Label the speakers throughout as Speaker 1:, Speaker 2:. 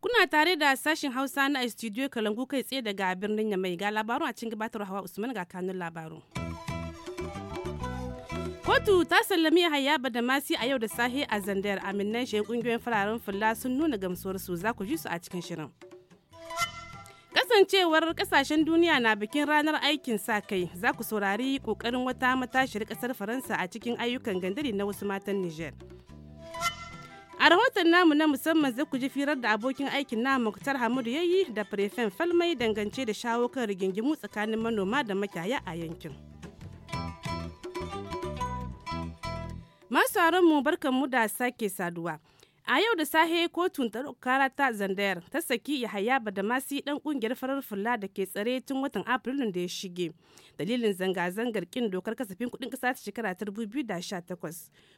Speaker 1: Kuna tare da sashin Hausa na studio Kalangu kai tsaye daga birnin Yamai ga labaru a cikin gabatar Hawa Usman ga kanun labaru. kotu ta sallami hayaba da masi a yau da sahe a zandar aminan shi kungiyoyin fararen fulla sun nuna gamsuwar su za ku ji su a cikin shirin Kasancewar kasashen duniya na bikin ranar aikin sa kai za ku saurari kokarin wata matashiyar kasar Faransa a cikin ayyukan gandari na wasu matan Nijar. A rahoton namu na musamman zai ku ji firar da abokin aikin na Muktar Hamadu Yayi da Prefen Falmai dangance da shawo kan rigingimu tsakanin manoma da makiyaya a yankin. Masu mu barkan mu da sake saduwa. A yau da sahe kotun karata ta Zandayar ta saki Yahaya Badamasi dan kungiyar farar fulla da ke tsare tun watan Afrilun da ya shige. Dalilin zanga-zangar kin dokar kasafin kudin kasa ta shekara ta 2018.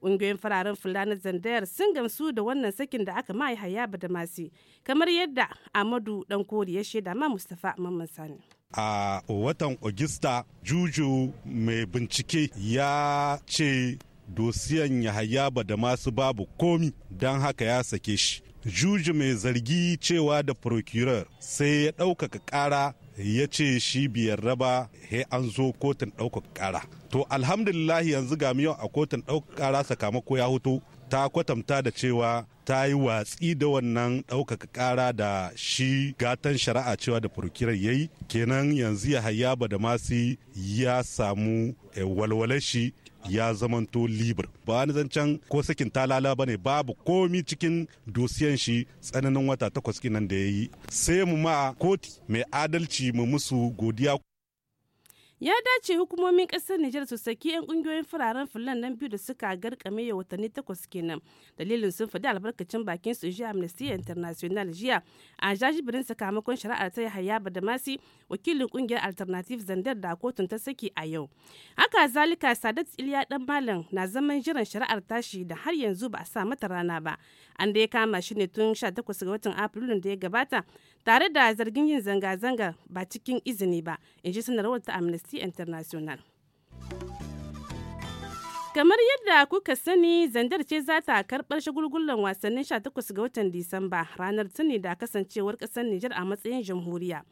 Speaker 1: Kungiyoyin fararen fulla na Zandayar sun gamsu da wannan sakin da aka ma Yahaya Badamasi kamar yadda Amadu dan kori ya shaida ma Mustafa Mamman Sani.
Speaker 2: a watan Ogista Juju mai bincike ya ce dosiyan yahaya ba da masu babu komi don haka ya sake shi juji mai zargi cewa da procurer sai ya ɗaukaka ƙara ya ce shi biyar raba he an zo kotun ɗaukaka ƙara to alhamdulillah yanzu ga yau a kotun ɗaukaka ƙara sakamako ya hoto ta kwatamta da cewa ta yi watsi da wannan ɗaukaka ƙara da shi gatan shari'a cewa da furkirar ya yi kenan yanzu ya hayaba da masu ya samu eh, walwale shi ya zamanto libar ba ni zancen ko sakin talala ba bane babu komi cikin dosiyan shi tsananin wata takwas kinan da ya yi sai mu ma koti mai adalci mu musu godiya
Speaker 1: ya dace hukumomin kasar Nijar su saki 'yan kungiyoyin fararen fulan nan biyu da suka garkame ya watanni takwas kenan dalilin sun faɗi albarkacin bakin su jiya Amnesty International jiya a jajibirin sakamakon shari'ar ta Yahaya Badamasi wakilin kungiyar Alternative Zandar da kotun ta saki a yau haka zalika Sadat Iliya dan Malam na zaman jiran shari'ar tashi da har yanzu ba a sa mata rana ba an da ya kama shi ne tun 18 ga watan Afrilun da ya gabata tare da zargin yin zanga-zanga ba cikin izini ba in ji sanarwar ta amnesty international kamar yadda kuka sani zandar ce za ta karɓar shagulgulan wasannin 18 ga watan disamba ranar tuni da kasancewar ƙasar nijar a matsayin jamhuriya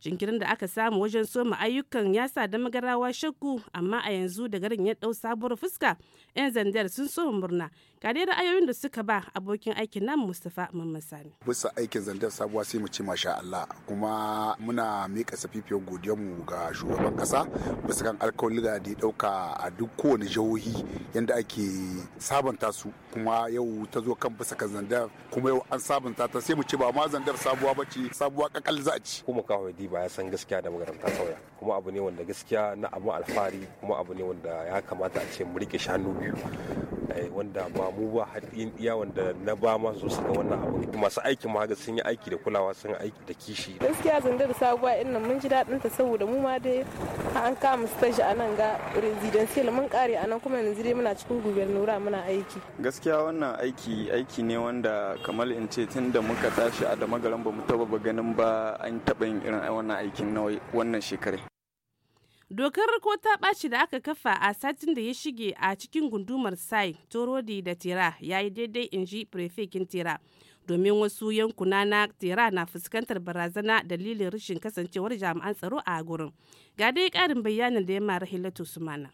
Speaker 1: jinkirin da aka samu wajen soma ayyukan ya sa da magarawa shakku amma a yanzu da garin ya ɗau sabuwar fuska 'yan zandar sun so murna ga dai ra'ayoyin da suka ba abokin aikin nan Mustafa Mamman Sani.
Speaker 3: Bisa aikin zandar sabuwa sai mu ce masha Allah kuma muna mika safifiyar godiyar mu ga shugaban kasa bisa kan alkawalin da ya dauka a duk kowane jihohi yanda ake sabanta su kuma yau ta zo kan bisa kan zandar kuma yau an sabanta ta sai mu ce ba ma zandar sabuwa ba ce sabuwa
Speaker 4: kakal za a ci. Kuma kawai di ba ya san gaskiya da magaranta sauya kuma abu ne wanda gaskiya na abun alfahari kuma abu ne wanda ya kamata a ce mu rike shanu biyu Eh, wanda ba mu ba har iya wanda na ba ma su suka wannan abu masu aikin ma sun yi aiki da kulawa sun aiki da
Speaker 5: kishi
Speaker 1: gaskiya zandar sabuwa in nan mun ji daɗin ta saboda mu ma dai an kama stage a nan ga residential mun kare a nan kuma yanzu dai muna cikin gubernura muna aiki
Speaker 5: gaskiya wannan aiki aiki ne wanda kamar in ce tun da muka tashi a da magaran ba mu taba ganin ba an taba yin irin wannan aikin na wannan shekarar
Speaker 1: dokar ko ta ɓaci da aka kafa a satin da ya shige a cikin gundumar sai torodi da tira ya yi daidai in ji prefekin tira domin wasu yankuna na tira na fuskantar barazana dalilin rashin kasancewar jami'an tsaro a gurin ga dai ƙarin bayanin da ya mara hilatu sumana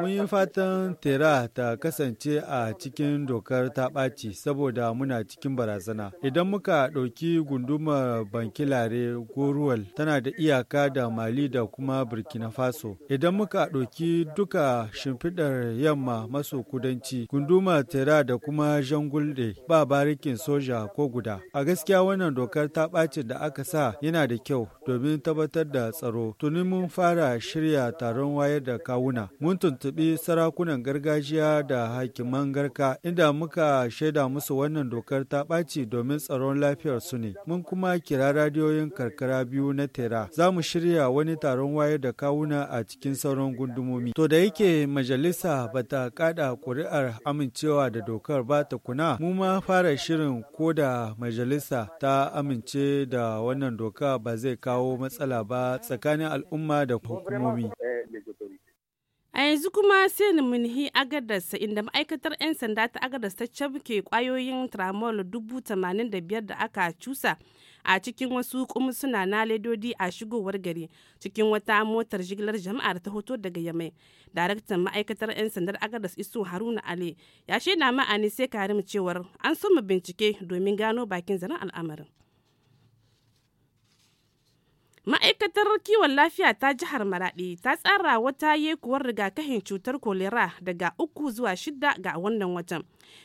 Speaker 1: Mun yi
Speaker 2: fatan tera ta kasance a cikin dokar ta ɓaci saboda muna cikin barazana. Idan muka ɗauki gundumar Bankilare Goruwal tana da iyaka da Mali da kuma Burkina Faso. Idan muka ɗauki duka shimfiɗar yamma maso kudanci, gundumar tera da kuma Jangulde ba barikin soja ko guda. A gaskiya wannan dokar ta ɓacin da aka sa yana da kyau domin tabbatar da tsaro. Tuni mun fara shirya taron wayar da kawuna. Mun tuntubi sarakunan gargajiya da hakiman garka inda muka shaida musu wannan dokar ta ɓaci domin tsaron lafiyar su ne. Mun kuma kira radiyoyin karkara biyu na tera. Za mu shirya wani taron wayar da kawuna a cikin sauran gundumomi. To da yake majalisa bata kada ƙuri'ar amincewa da dokar ba ta kuna, mu ma fara shirin ko da majalisa ta amince da wannan doka ba zai kawo matsala ba tsakanin al'umma da hukumomi. Eh,
Speaker 1: A yanzu kuma sai ni munhi agadarsa inda ma'aikatar 'yan sanda ta agadar ta cafke kwayoyin tramol dubu tamanin da biyar da aka cusa a cikin wasu kumsuna na ledodi a shigowar gari cikin wata motar jigilar jama'ar ta hoto daga yamai. Daraktan ma'aikatar 'yan sandar agadas iso Haruna Ali ya shaida ma sai Karim cewar an soma bincike domin gano bakin zaren al'amarin. Ma'aikatar kiwon lafiya ta jihar Maraɗi ta tsara wata yekuwar rigakafin cutar kolera daga uku zuwa shida ga wannan watan.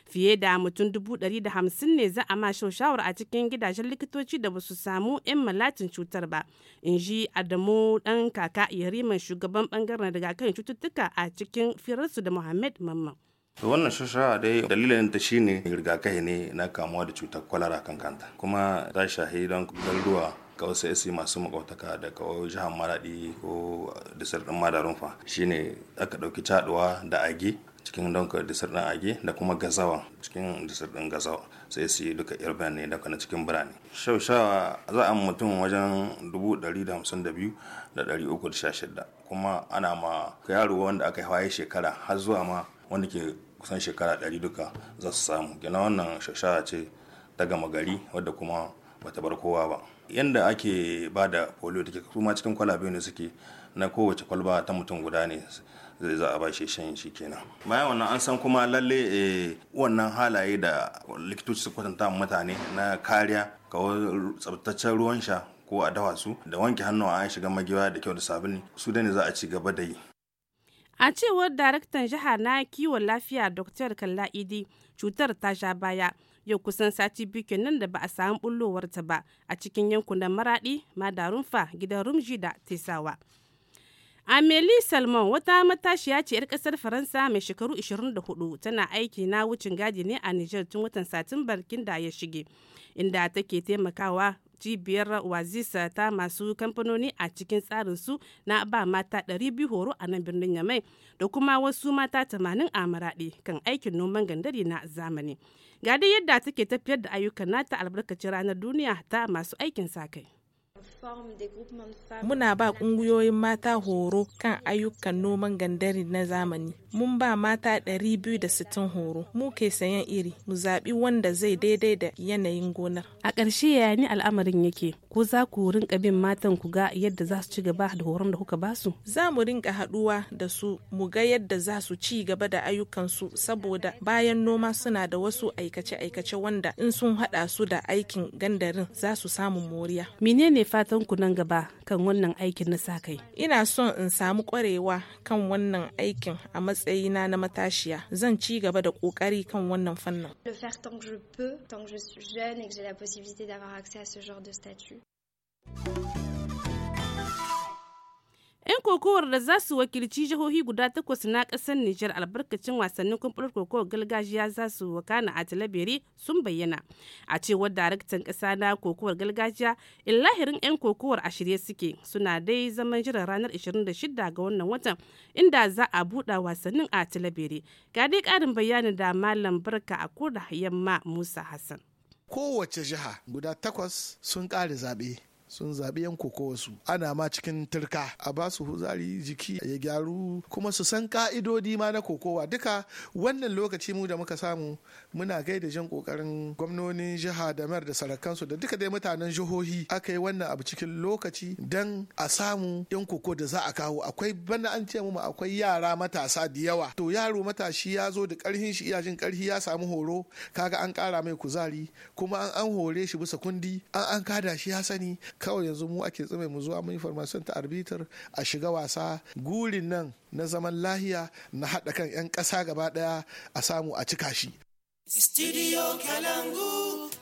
Speaker 1: Fiye da mutum dubu ɗari da hamsin ne za a ma shawar a cikin gidajen likitoci da basu samu 'yan malatin cutar ba. In ji Adamu ɗan kaka Yariman shugaban bangaren rigakafin cututtuka a cikin firarsu da Muhammad Mamman.
Speaker 4: wannan shashara dai dalilin ta shine rigakafi ne na kamuwa da cutar kwalara kan kanta kuma ta shahi don garuruwa kawai sai yasi masu makautaka da kawai jihar maradi ko disar mada rumfa shine aka dauki caduwa da agi cikin donka disar din agi da kuma gazawa cikin disar din gazawa sai su yi duka irban ne da na cikin birane shaushawa za a mutum wajen 152,316 kuma ana ma yaro wanda aka hawaye shekara har zuwa ma wanda ke kusan shekara 100 duka za su samu gina wannan shaushawa ce ta gama gari wadda kuma bata bar kowa ba yanda ake ba da polio take kuma cikin kwalabe ne suke na kowace kwalba ta mutum guda ne zai za a ba shi shan shi kenan bayan wannan an san kuma lalle eh, wannan halaye da likitoci su kwatanta mutane na kariya kawai tsabtaccen ruwan sha ko a dawa su da wanke hannu a shiga magewa da kyau da sabuni su da ne za a ci gaba da yi
Speaker 1: a cewar daraktan jihar na kiwon lafiya dr kalla idi cutar ta sha baya yau kusan sati biyu kenan da ba a samu bullowar ta ba a cikin yankunan maradi madarunfa gidan rumji da tesawa amelie salmon wata matashiya ce 'yar kasar faransa mai shekaru 24 tana aiki na wucin gadi ne a niger tun watan satumbar kin ya shige inda take taimakawa cibiyar wazisa ta masu kamfanoni a cikin tsarin su na ba mata 200 horo a nan birnin yamai da kuma wasu mata 80 a maraɗi kan aikin noman gandari na zamani ga dai yadda take tafiyar da ayyukan nata albarkacin ranar duniya ta masu aikin sa kai Muna ba ƙungiyoyin mata horo kan ayyukan noman gandari na zamani. Mun ba mata 260 horo, mu ke sayan iri, mu zaɓi wanda zai daidai da yanayin gonar. A ƙarshe yaya al'amarin yake? ko za ku rinka bin matan ku ga yadda za su ci gaba da horon da kuka basu za mu rinka haduwa da su mu ga yadda za su ci gaba da ayyukan su saboda bayan noma suna da wasu aikace-aikace wanda in sun hada su da aikin gandarin za su samu moriya menene fatan ku nan gaba kan wannan aikin na sa kai ina son in samu kwarewa kan wannan aikin a matsayina na matashiya zan ci gaba da kokari kan wannan fannin
Speaker 3: le faire tant que je peux
Speaker 1: 'Yan kokowar da za su wakilci jihohi guda takwas na ƙasar Nijar albarkacin wasannin kumfurar kokowar gargajiya za su wakana a Talabere sun bayyana. A cewar daraktan ƙasa na kokowar gargajiya, lahirin 'yan kokowar a shirye suke suna dai zaman jiran ranar 26 ga wannan watan inda za a buɗa wasannin a Talabere. Ga dai ƙarin bayani da Malam Barka a Koda Yamma Musa Hassan. Kowace jiha guda takwas sun
Speaker 3: ƙare zaɓe. sun zaɓi yan kokowarsu ana ma cikin turka a ba su huzari jiki ya gyaru kuma su san ka'idodi ma na kokowa duka wannan lokaci mu da muka samu muna gaida jin kokarin gwamnonin jiha da mayar da sarakansu da duka dai mutanen jihohi aka yi wannan abu cikin lokaci don a samu yan koko da za a kawo akwai bana an ce mu akwai yara matasa da yawa to yaro matashi ya zo da karhin shi iya jin karhi ya samu horo kaga an kara mai kuzari kuma an hore shi bisa kundi an an kada shi ya sani kawai yanzu mu ake tsime mu zuwa mun information ta arbitar a shiga wasa gurin nan na zaman lahiya na haɗa kan 'yan ƙasa gaba ɗaya a samu a cika shi.
Speaker 5: Studio Kalangu.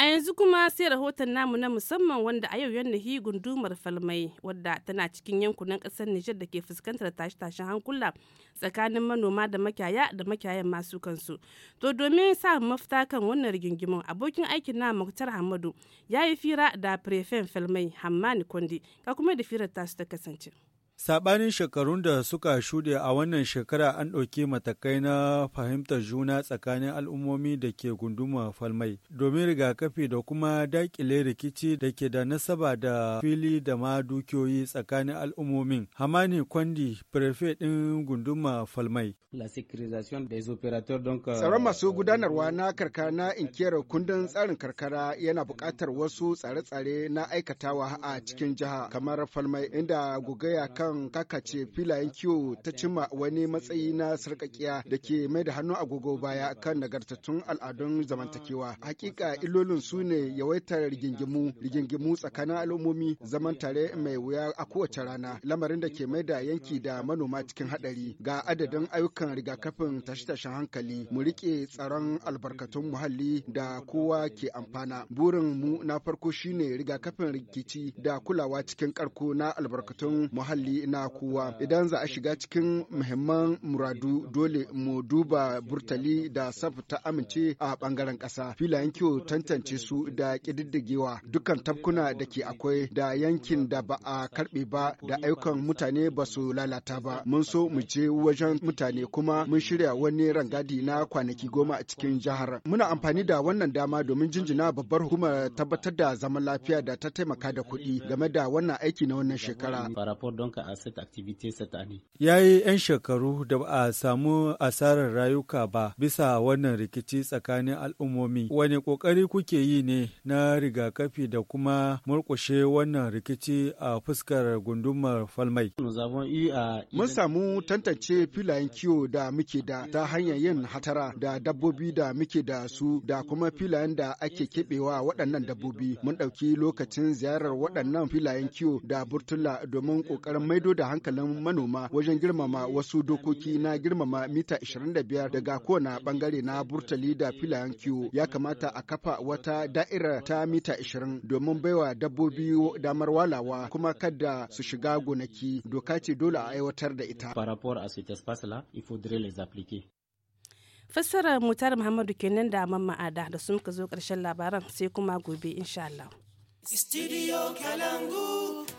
Speaker 1: A yanzu kuma sai rahoton namu na musamman wanda a yau yannahi gundumar falmai wadda tana cikin yankunan kasar Nijar da ke fuskantar tashe-tashen hankula tsakanin manoma da makyaya da makyayan masu kansu. To domin sa mafita kan wannan rigingimin abokin aikin na Muktar Hamadu ya yi fira da prefen falmai Hammani Kondi ka kuma da firar tasu ta kasance.
Speaker 2: Saɓanin shekarun da suka shuɗe a wannan shekara an ɗauki matakai na fahimtar juna tsakanin al'ummomi da ke gunduma falmai domin rigakafi da kuma daƙile rikici da ke da nasaba da fili da ma dukiyoyi tsakanin al'ummomin. Hamani Kwandi, prefe ɗin gunduma falmai. Euh, Tsaron
Speaker 3: masu gudanarwa na karkara na inkiyar kundin tsarin karkara yana buƙatar wasu tsare-tsare na aikatawa a cikin jiha kamar falmai inda gugaya kan kan kakace filayen kiwo ta cima wani matsayi na sarkakiya da ke mai da hannu agogo baya kan nagartattun al'adun zamantakewa. Hakika ilolin su ne yawaitar rigingimu, rigingimu tsakanin al'ummomi zaman tare mai wuya a kowace rana, lamarin da ke mai da yanki da manoma cikin haɗari ga adadin ayyukan rigakafin tashe-tashen hankali, mu rike tsaron albarkatun muhalli da kowa ke amfana. Burin mu na farko shine rigakafin rikici da kulawa cikin karko na albarkatun muhalli na kowa idan za a shiga cikin muhimman muradu dole mu duba burtali da safta ta amince a bangaren kasa filayen kiwo tantance su da kididdigewa dukkan tabkuna da ke akwai da yankin da ba a karbe ba da ayyukan mutane ba su lalata ba mun so mu je wajen mutane kuma mun shirya wani rangadi na kwanaki goma a cikin jihar muna amfani da wannan dama domin jinjina babbar hukumar tabbatar da zaman lafiya da ta taimaka da kuɗi game da wannan aiki na wannan shekara a set set Ya yi 'yan shekaru
Speaker 2: da ba a samu asarar rayuka ba bisa wannan rikici tsakanin al'ummomi. wani kokari kuke yi ne na rigakafi da kuma murkushe wannan rikici a fuskar gundumar falmai? Mun
Speaker 3: samu tantance filayen kiwo da muke da ta hanyar yin hatara da dabbobi da muke da su da kuma filayen da ake keɓewa waɗannan dabbobi. Mun ɗauki lokacin ziyarar waɗannan filayen kiwo da burtula domin ƙoƙarin mai maido da hankalin manoma wajen girmama wasu dokoki na girmama mita 25 daga kowane bangare na burtali da filayen kiwo ya kamata a kafa wata da'ira ta mita 20 domin baiwa dabbobi damar walawa kuma kada su shiga gonaki doka ce dole a aiwatar da ita.
Speaker 1: fassara Mutar Muhammadu kenan da Mamma Ada da sun ka zo karshen labaran sai kuma gobe insha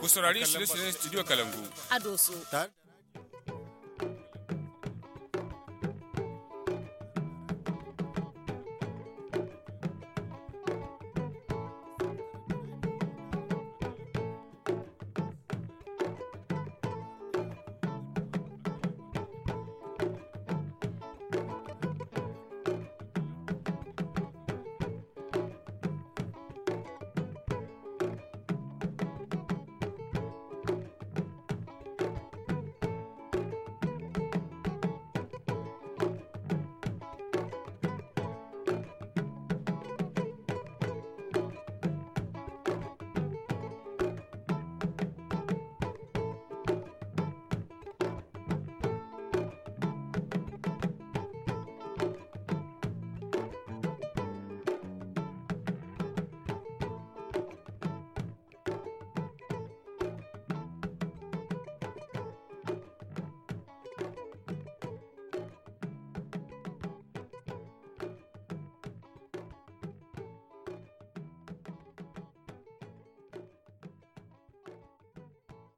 Speaker 2: ku
Speaker 5: saurari shirye-shiryen studio kalangu
Speaker 2: a doso